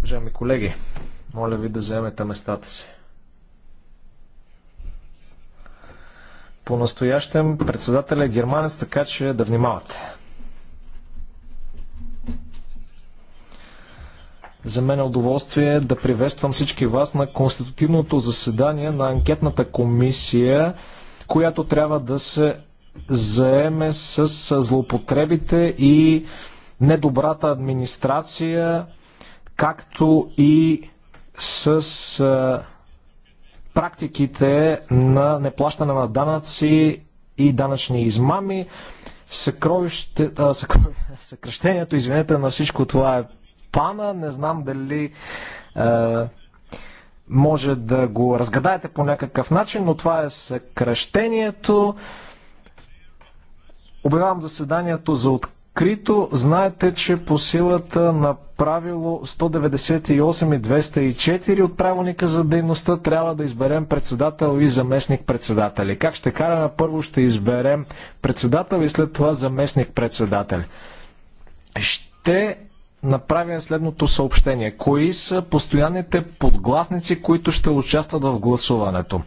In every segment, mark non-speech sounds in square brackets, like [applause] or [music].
Уважаеми колеги, моля ви да вземете местата си. По-настоящем председателя е германец, така че да внимавате. За мен е удоволствие да приветствам всички вас на конститутивното заседание на анкетната комисия, която трябва да се заеме с злоупотребите и недобрата администрация, както и с практиките на неплащане на данъци и данъчни измами. [laughs] съкръщението, извинете, на всичко това е пана. Не знам дали а, може да го разгадаете по някакъв начин, но това е съкръщението. Обявявам заседанието за открито. Крито, Знаете, че по силата на правило 198 и 204 от правилника за дейността трябва да изберем председател и заместник председатели. Как ще караме? Първо ще изберем председател и след това заместник председател. Ще направим следното съобщение. Кои са постоянните подгласници, които ще участват в гласуването?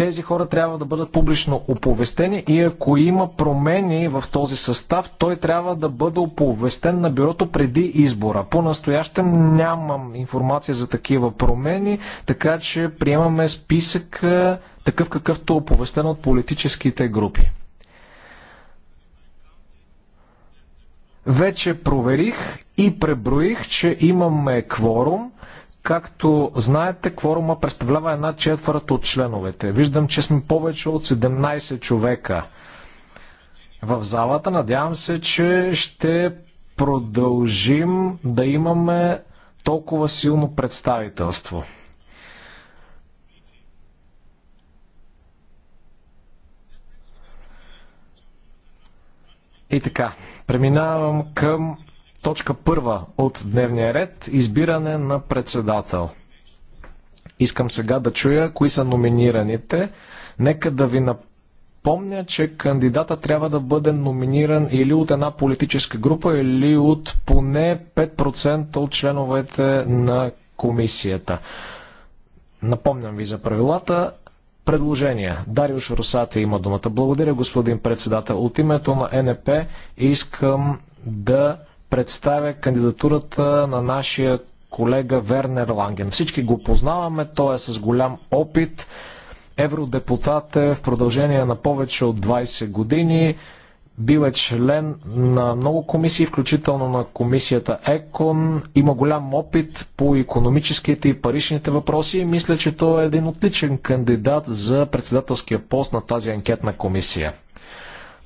тези хора трябва да бъдат публично оповестени и ако има промени в този състав, той трябва да бъде оповестен на бюрото преди избора. По-настоящем нямам информация за такива промени, така че приемаме списък такъв какъвто е оповестен от политическите групи. Вече проверих и преброих, че имаме кворум. Както знаете, кворума представлява една четвърт от членовете. Виждам, че сме повече от 17 човека в залата. Надявам се, че ще продължим да имаме толкова силно представителство. И така, преминавам към Точка първа от дневния ред – избиране на председател. Искам сега да чуя кои са номинираните. Нека да ви напомня, че кандидата трябва да бъде номиниран или от една политическа група, или от поне 5% от членовете на комисията. Напомням ви за правилата. Предложения. Дариуш Русати има думата. Благодаря, господин председател. От името на НП искам да представя кандидатурата на нашия колега Вернер Ланген. Всички го познаваме, той е с голям опит. Евродепутат е в продължение на повече от 20 години. Бил е член на много комисии, включително на комисията ЕКОН. Има голям опит по економическите и паричните въпроси и мисля, че той е един отличен кандидат за председателския пост на тази анкетна комисия.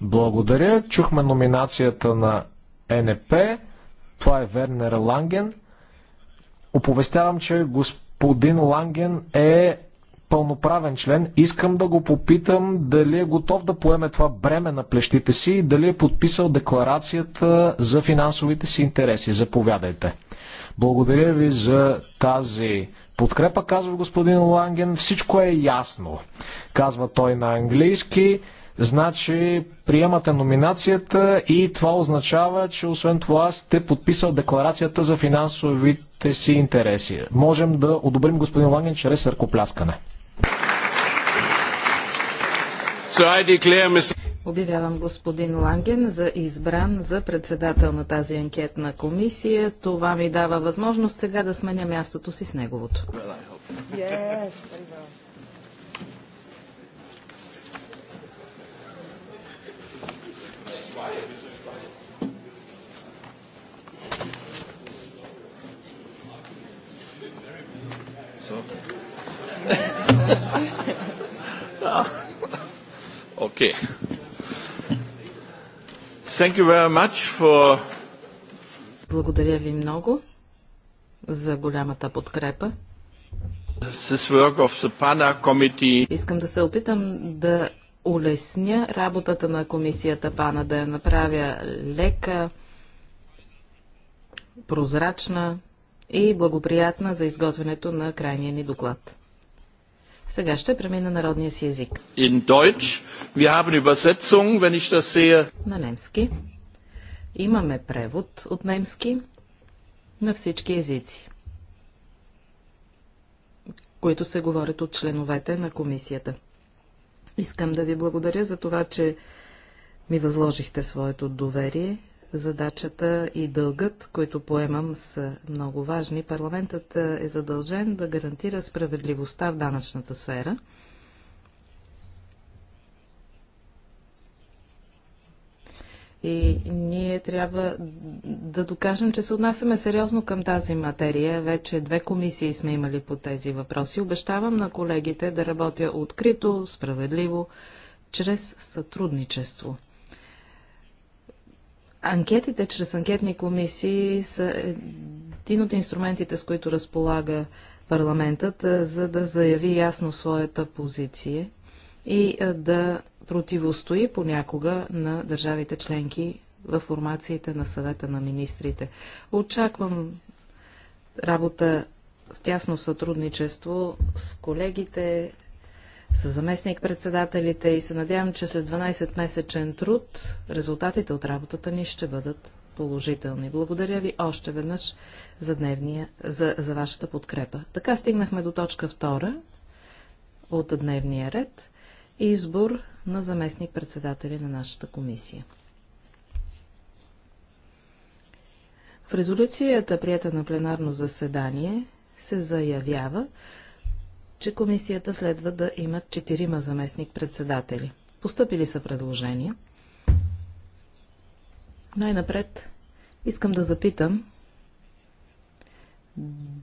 Благодаря. Чухме номинацията на НП. Това е Вернер Ланген. Оповестявам, че господин Ланген е пълноправен член. Искам да го попитам дали е готов да поеме това бреме на плещите си и дали е подписал декларацията за финансовите си интереси. Заповядайте. Благодаря ви за тази подкрепа, казва господин Ланген. Всичко е ясно, казва той на английски. Значи приемате номинацията и това означава, че освен това сте подписал декларацията за финансовите си интереси. Можем да одобрим господин Ланген чрез ръкопляскане. Обявявам господин Ланген за избран за председател на тази анкетна комисия. Това ми дава възможност сега да сменя мястото си с неговото. Yes, [laughs] Okay. Thank you very much for... Благодаря ви много за голямата подкрепа. This work of the PANA committee. Искам да се опитам да улесня работата на комисията ПАНА, да я направя лека, прозрачна, и благоприятна за изготвянето на крайния ни доклад. Сега ще премина народния си език. In Deutsch, wir haben Übersetzung, wenn ich das sehe. На немски. Имаме превод от немски на всички езици, които се говорят от членовете на комисията. Искам да ви благодаря за това, че ми възложихте своето доверие задачата и дългът, които поемам, са много важни. Парламентът е, е задължен да гарантира справедливостта в данъчната сфера. И ние трябва да докажем, че се отнасяме сериозно към тази материя. Вече две комисии сме имали по тези въпроси. Обещавам на колегите да работя открито, справедливо, чрез сътрудничество. Анкетите чрез анкетни комисии са един от инструментите, с които разполага парламентът, за да заяви ясно своята позиция и да противостои понякога на държавите членки в формациите на съвета на министрите. Очаквам работа с тясно сътрудничество с колегите, с заместник-председателите и се надявам, че след 12-месечен труд резултатите от работата ни ще бъдат положителни. Благодаря ви още веднъж за, дневния, за, за вашата подкрепа. Така стигнахме до точка 2 от дневния ред и избор на заместник-председатели на нашата комисия. В резолюцията, прията на пленарно заседание, се заявява, че комисията следва да има четирима заместник-председатели. Постъпили са предложения. Най-напред искам да запитам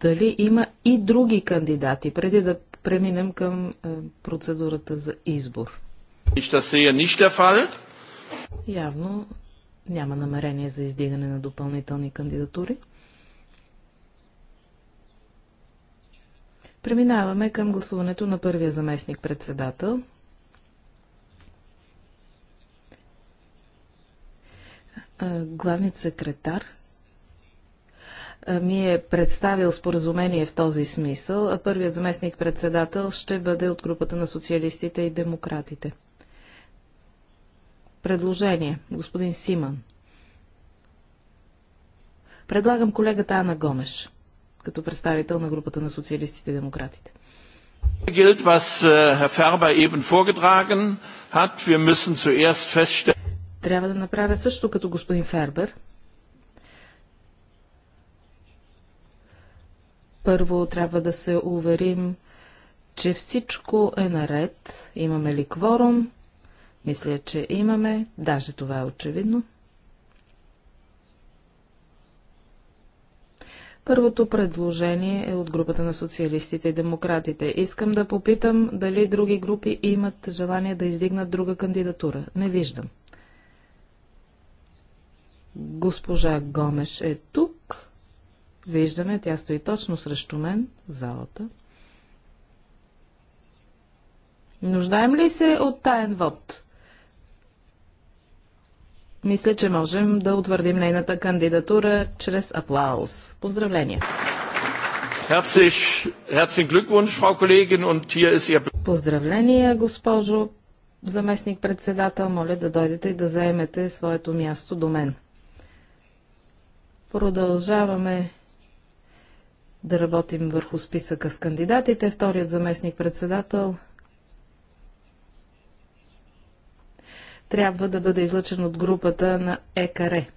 дали има и други кандидати, преди да преминем към е, процедурата за избор. Явно няма намерение за издигане на допълнителни кандидатури. Преминаваме към гласуването на първия заместник-председател. Главният секретар ми е представил споразумение в този смисъл, а първият заместник-председател ще бъде от групата на социалистите и демократите. Предложение. Господин Симан. Предлагам колегата Ана Гомеш като представител на групата на социалистите и демократите. Äh, трябва да направя също като господин Фербер. Първо трябва да се уверим, че всичко е наред. Имаме ли кворум? Мисля, че имаме. Даже това е очевидно. Първото предложение е от групата на социалистите и демократите. Искам да попитам дали други групи имат желание да издигнат друга кандидатура. Не виждам. Госпожа Гомеш е тук. Виждаме, тя стои точно срещу мен, залата. Нуждаем ли се от таен вод? мисля, че можем да утвърдим нейната кандидатура чрез аплауз. Поздравления! Поздравления, госпожо заместник-председател. Моля да дойдете и да заемете своето място до мен. Продължаваме да работим върху списъка с кандидатите. Вторият заместник-председател трябва да бъде излъчен от групата на ЕКАРЕ.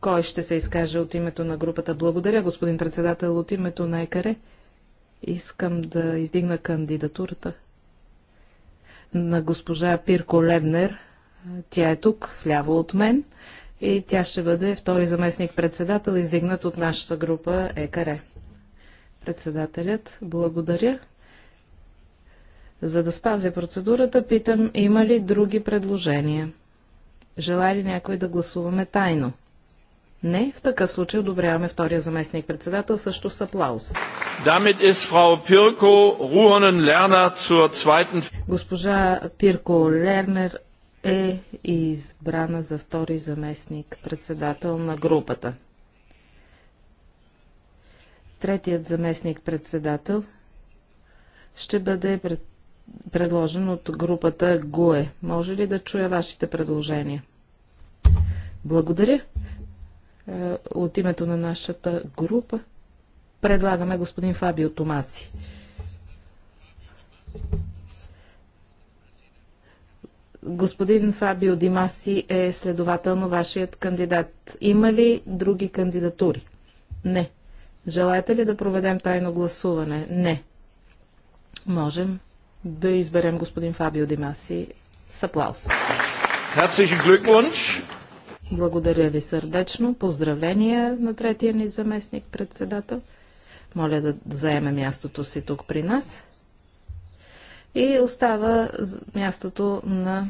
Кой ще се изкаже от името на групата? Благодаря, господин председател, от името на ЕКАРЕ. Искам да издигна кандидатурата на госпожа Пирко Лебнер. Тя е тук, вляво от мен, и тя ще бъде втори заместник-председател, издигнат от нашата група ЕКАРЕ. Председателят, благодаря. За да спазя процедурата, питам, има ли други предложения? Желая ли някой да гласуваме тайно? Не, в такъв случай одобряваме втория заместник председател също с аплауз. Госпожа Пирко Лернер е избрана за втори заместник председател на групата. Третият заместник председател ще бъде пред предложен от групата ГУЕ. Може ли да чуя вашите предложения? Благодаря. Е, от името на нашата група предлагаме господин Фабио Томаси. Господин Фабио Димаси е следователно вашият кандидат. Има ли други кандидатури? Не. Желаете ли да проведем тайно гласуване? Не. Можем да изберем господин Фабио Димаси с аплаус. Благодаря ви сърдечно. Поздравления на третия ни заместник председател. Моля да заеме мястото си тук при нас. И остава мястото на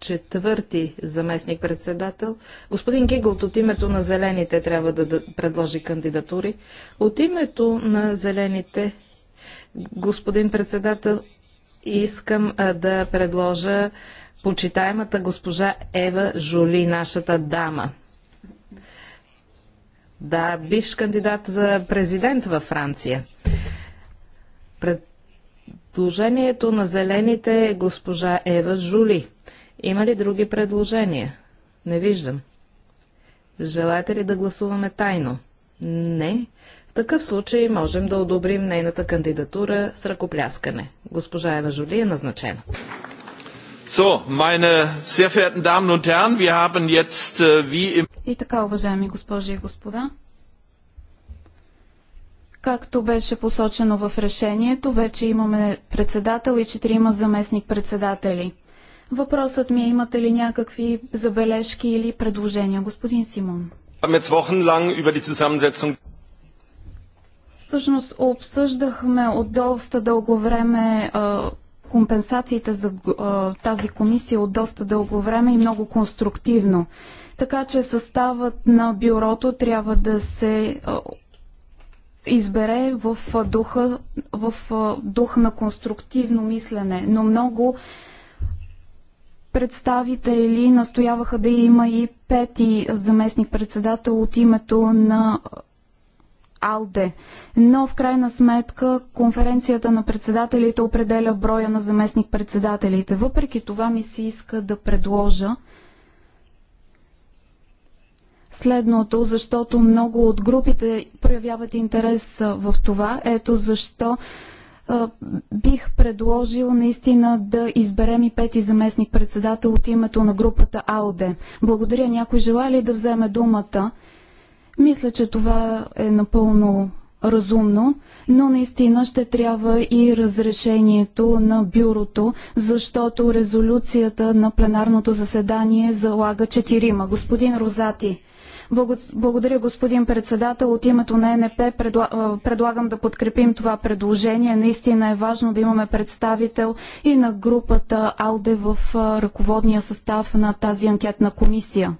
четвърти заместник председател. Господин Гигълт от името на Зелените трябва да предложи кандидатури. От името на Зелените, господин председател, искам да предложа почитаемата госпожа Ева Жули, нашата дама. Да, бивш кандидат за президент във Франция. Предложението на зелените е госпожа Ева Жули. Има ли други предложения? Не виждам. Желаете ли да гласуваме тайно? Не такъв случай можем да одобрим нейната кандидатура с ръкопляскане. Госпожа Ева Жули е назначена. So, meine sehr verehrten Damen und Herren, wir haben jetzt äh, wie im... И така, уважаеми госпожи и господа, както беше посочено в решението, вече имаме председател и четирима заместник-председатели. Въпросът ми е, имате ли някакви забележки или предложения, господин Симон? Wir haben jetzt wochenlang über die Zusammensetzung... Всъщност обсъждахме от доста дълго време компенсациите за тази комисия от доста дълго време и много конструктивно. Така че съставът на бюрото трябва да се избере в духа, в дух на конструктивно мислене, но много представители настояваха да има и пети заместник председател от името на АЛДЕ. Но в крайна сметка конференцията на председателите определя броя на заместник-председателите. Въпреки това ми се иска да предложа следното, защото много от групите проявяват интерес в това. Ето защо бих предложил наистина да изберем и пети заместник председател от името на групата АЛДЕ. Благодаря. Някой желая ли да вземе думата? Мисля, че това е напълно разумно, но наистина ще трябва и разрешението на бюрото, защото резолюцията на пленарното заседание залага четирима. Господин Розати, благодаря, господин председател. От името на НП предлагам да подкрепим това предложение. Наистина е важно да имаме представител и на групата АЛДЕ в ръководния състав на тази анкетна комисия.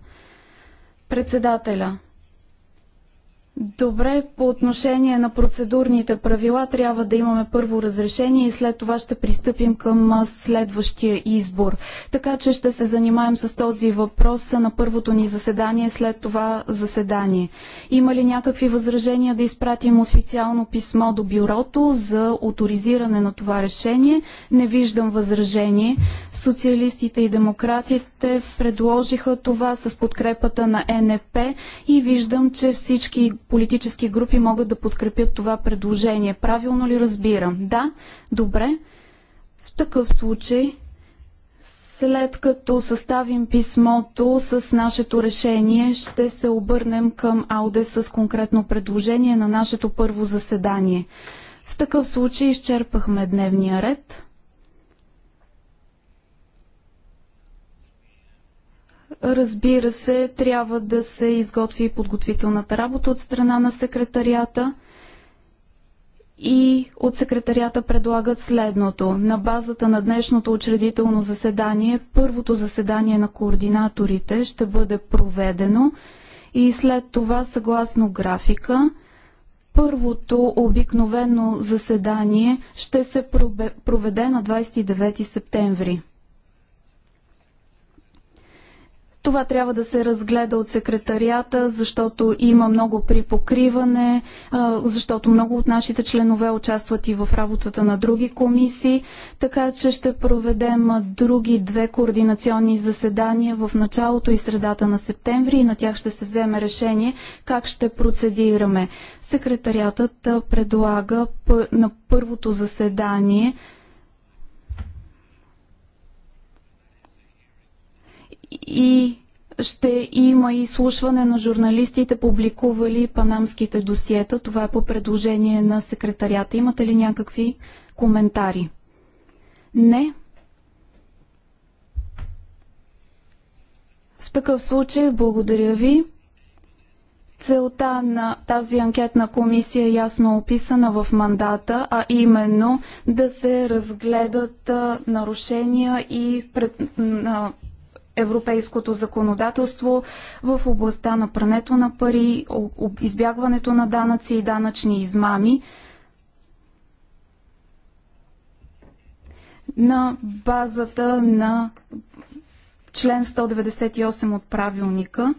Председателя, Добре, по отношение на процедурните правила трябва да имаме първо разрешение и след това ще пристъпим към следващия избор. Така че ще се занимаем с този въпрос на първото ни заседание след това заседание. Има ли някакви възражения да изпратим официално писмо до бюрото за авторизиране на това решение? Не виждам възражение. Социалистите и демократите предложиха това с подкрепата на НП и виждам, че всички политически групи могат да подкрепят това предложение. Правилно ли разбирам? Да, добре. В такъв случай, след като съставим писмото с нашето решение, ще се обърнем към АУДЕ с конкретно предложение на нашето първо заседание. В такъв случай изчерпахме дневния ред. Разбира се, трябва да се изготви подготвителната работа от страна на секретарията и от секретарията предлагат следното. На базата на днешното учредително заседание, първото заседание на координаторите ще бъде проведено и след това, съгласно графика, първото обикновено заседание ще се проведе на 29 септември. Това трябва да се разгледа от секретарията, защото има много припокриване, защото много от нашите членове участват и в работата на други комисии, така че ще проведем други две координационни заседания в началото и средата на септември и на тях ще се вземе решение как ще процедираме. Секретариатът предлага на първото заседание и ще има изслушване на журналистите, публикували панамските досиета. Това е по предложение на секретарията. Имате ли някакви коментари? Не. В такъв случай, благодаря ви. Целта на тази анкетна комисия е ясно описана в мандата, а именно да се разгледат нарушения и пред, на европейското законодателство в областта на прането на пари, избягването на данъци и данъчни измами на базата на член 198 от правилника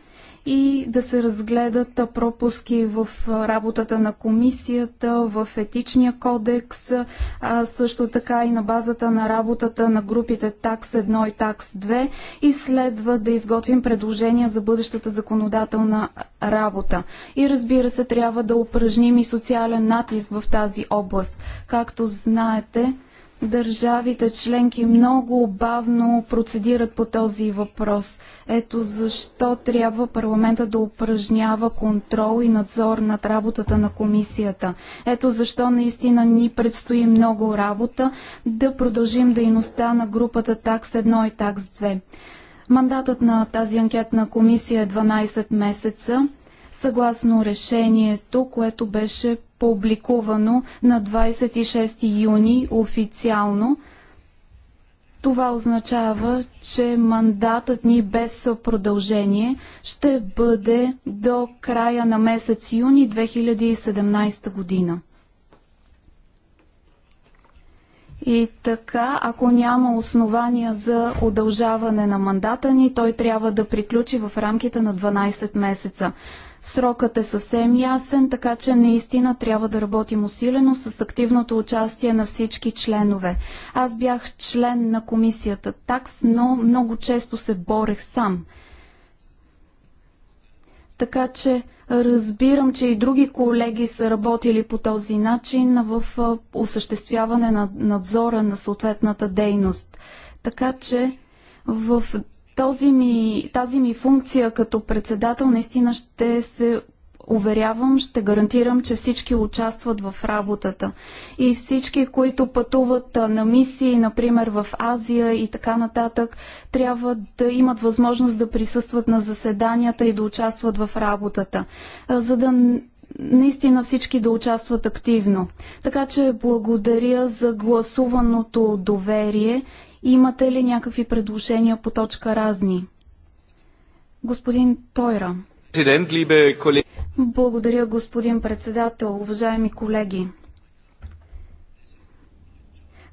и да се разгледат пропуски в работата на комисията, в етичния кодекс, а също така и на базата на работата на групите такс 1 и такс 2 и следва да изготвим предложения за бъдещата законодателна работа. И разбира се, трябва да упражним и социален натиск в тази област. Както знаете, държавите членки много бавно процедират по този въпрос. Ето защо трябва парламента да упражнява контрол и надзор над работата на комисията. Ето защо наистина ни предстои много работа да продължим дейността на групата ТАКС 1 и ТАКС 2. Мандатът на тази анкетна комисия е 12 месеца съгласно решението, което беше публикувано на 26 юни официално. Това означава, че мандатът ни без продължение ще бъде до края на месец юни 2017 година. И така, ако няма основания за удължаване на мандата ни, той трябва да приключи в рамките на 12 месеца. Срокът е съвсем ясен, така че наистина трябва да работим усилено с активното участие на всички членове. Аз бях член на комисията ТАКС, но много често се борех сам. Така че Разбирам, че и други колеги са работили по този начин в осъществяване на надзора на съответната дейност. Така че в този ми, тази ми функция като председател наистина ще се уверявам, ще гарантирам, че всички участват в работата. И всички, които пътуват на мисии, например в Азия и така нататък, трябва да имат възможност да присъстват на заседанията и да участват в работата, за да наистина всички да участват активно. Така че благодаря за гласуваното доверие. Имате ли някакви предложения по точка разни? Господин Тойра. Президент, либе колеги. Благодаря, господин председател, уважаеми колеги.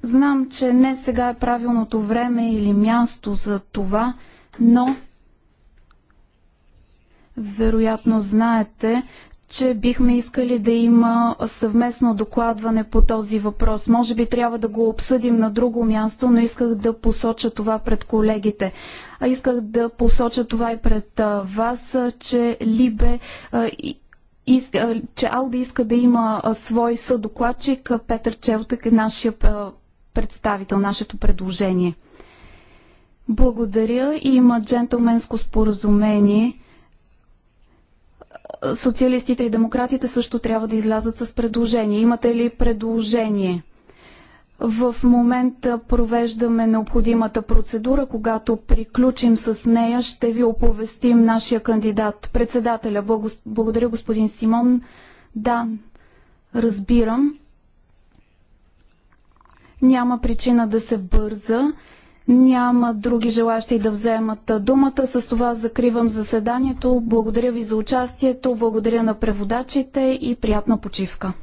Знам, че не сега е правилното време или място за това, но вероятно знаете, че бихме искали да има съвместно докладване по този въпрос. Може би трябва да го обсъдим на друго място, но исках да посоча това пред колегите. А исках да посоча това и пред вас, че Либе че Алда иска да има свой съдокладчик, Петър Челтък е нашия представител, нашето предложение. Благодаря и има джентлменско споразумение Социалистите и демократите също трябва да излязат с предложение. Имате ли предложение? В момента провеждаме необходимата процедура. Когато приключим с нея, ще ви оповестим нашия кандидат, председателя. Благодаря, господин Симон. Да, разбирам. Няма причина да се бърза. Няма други желащи да вземат думата. С това закривам заседанието. Благодаря ви за участието, благодаря на преводачите и приятна почивка.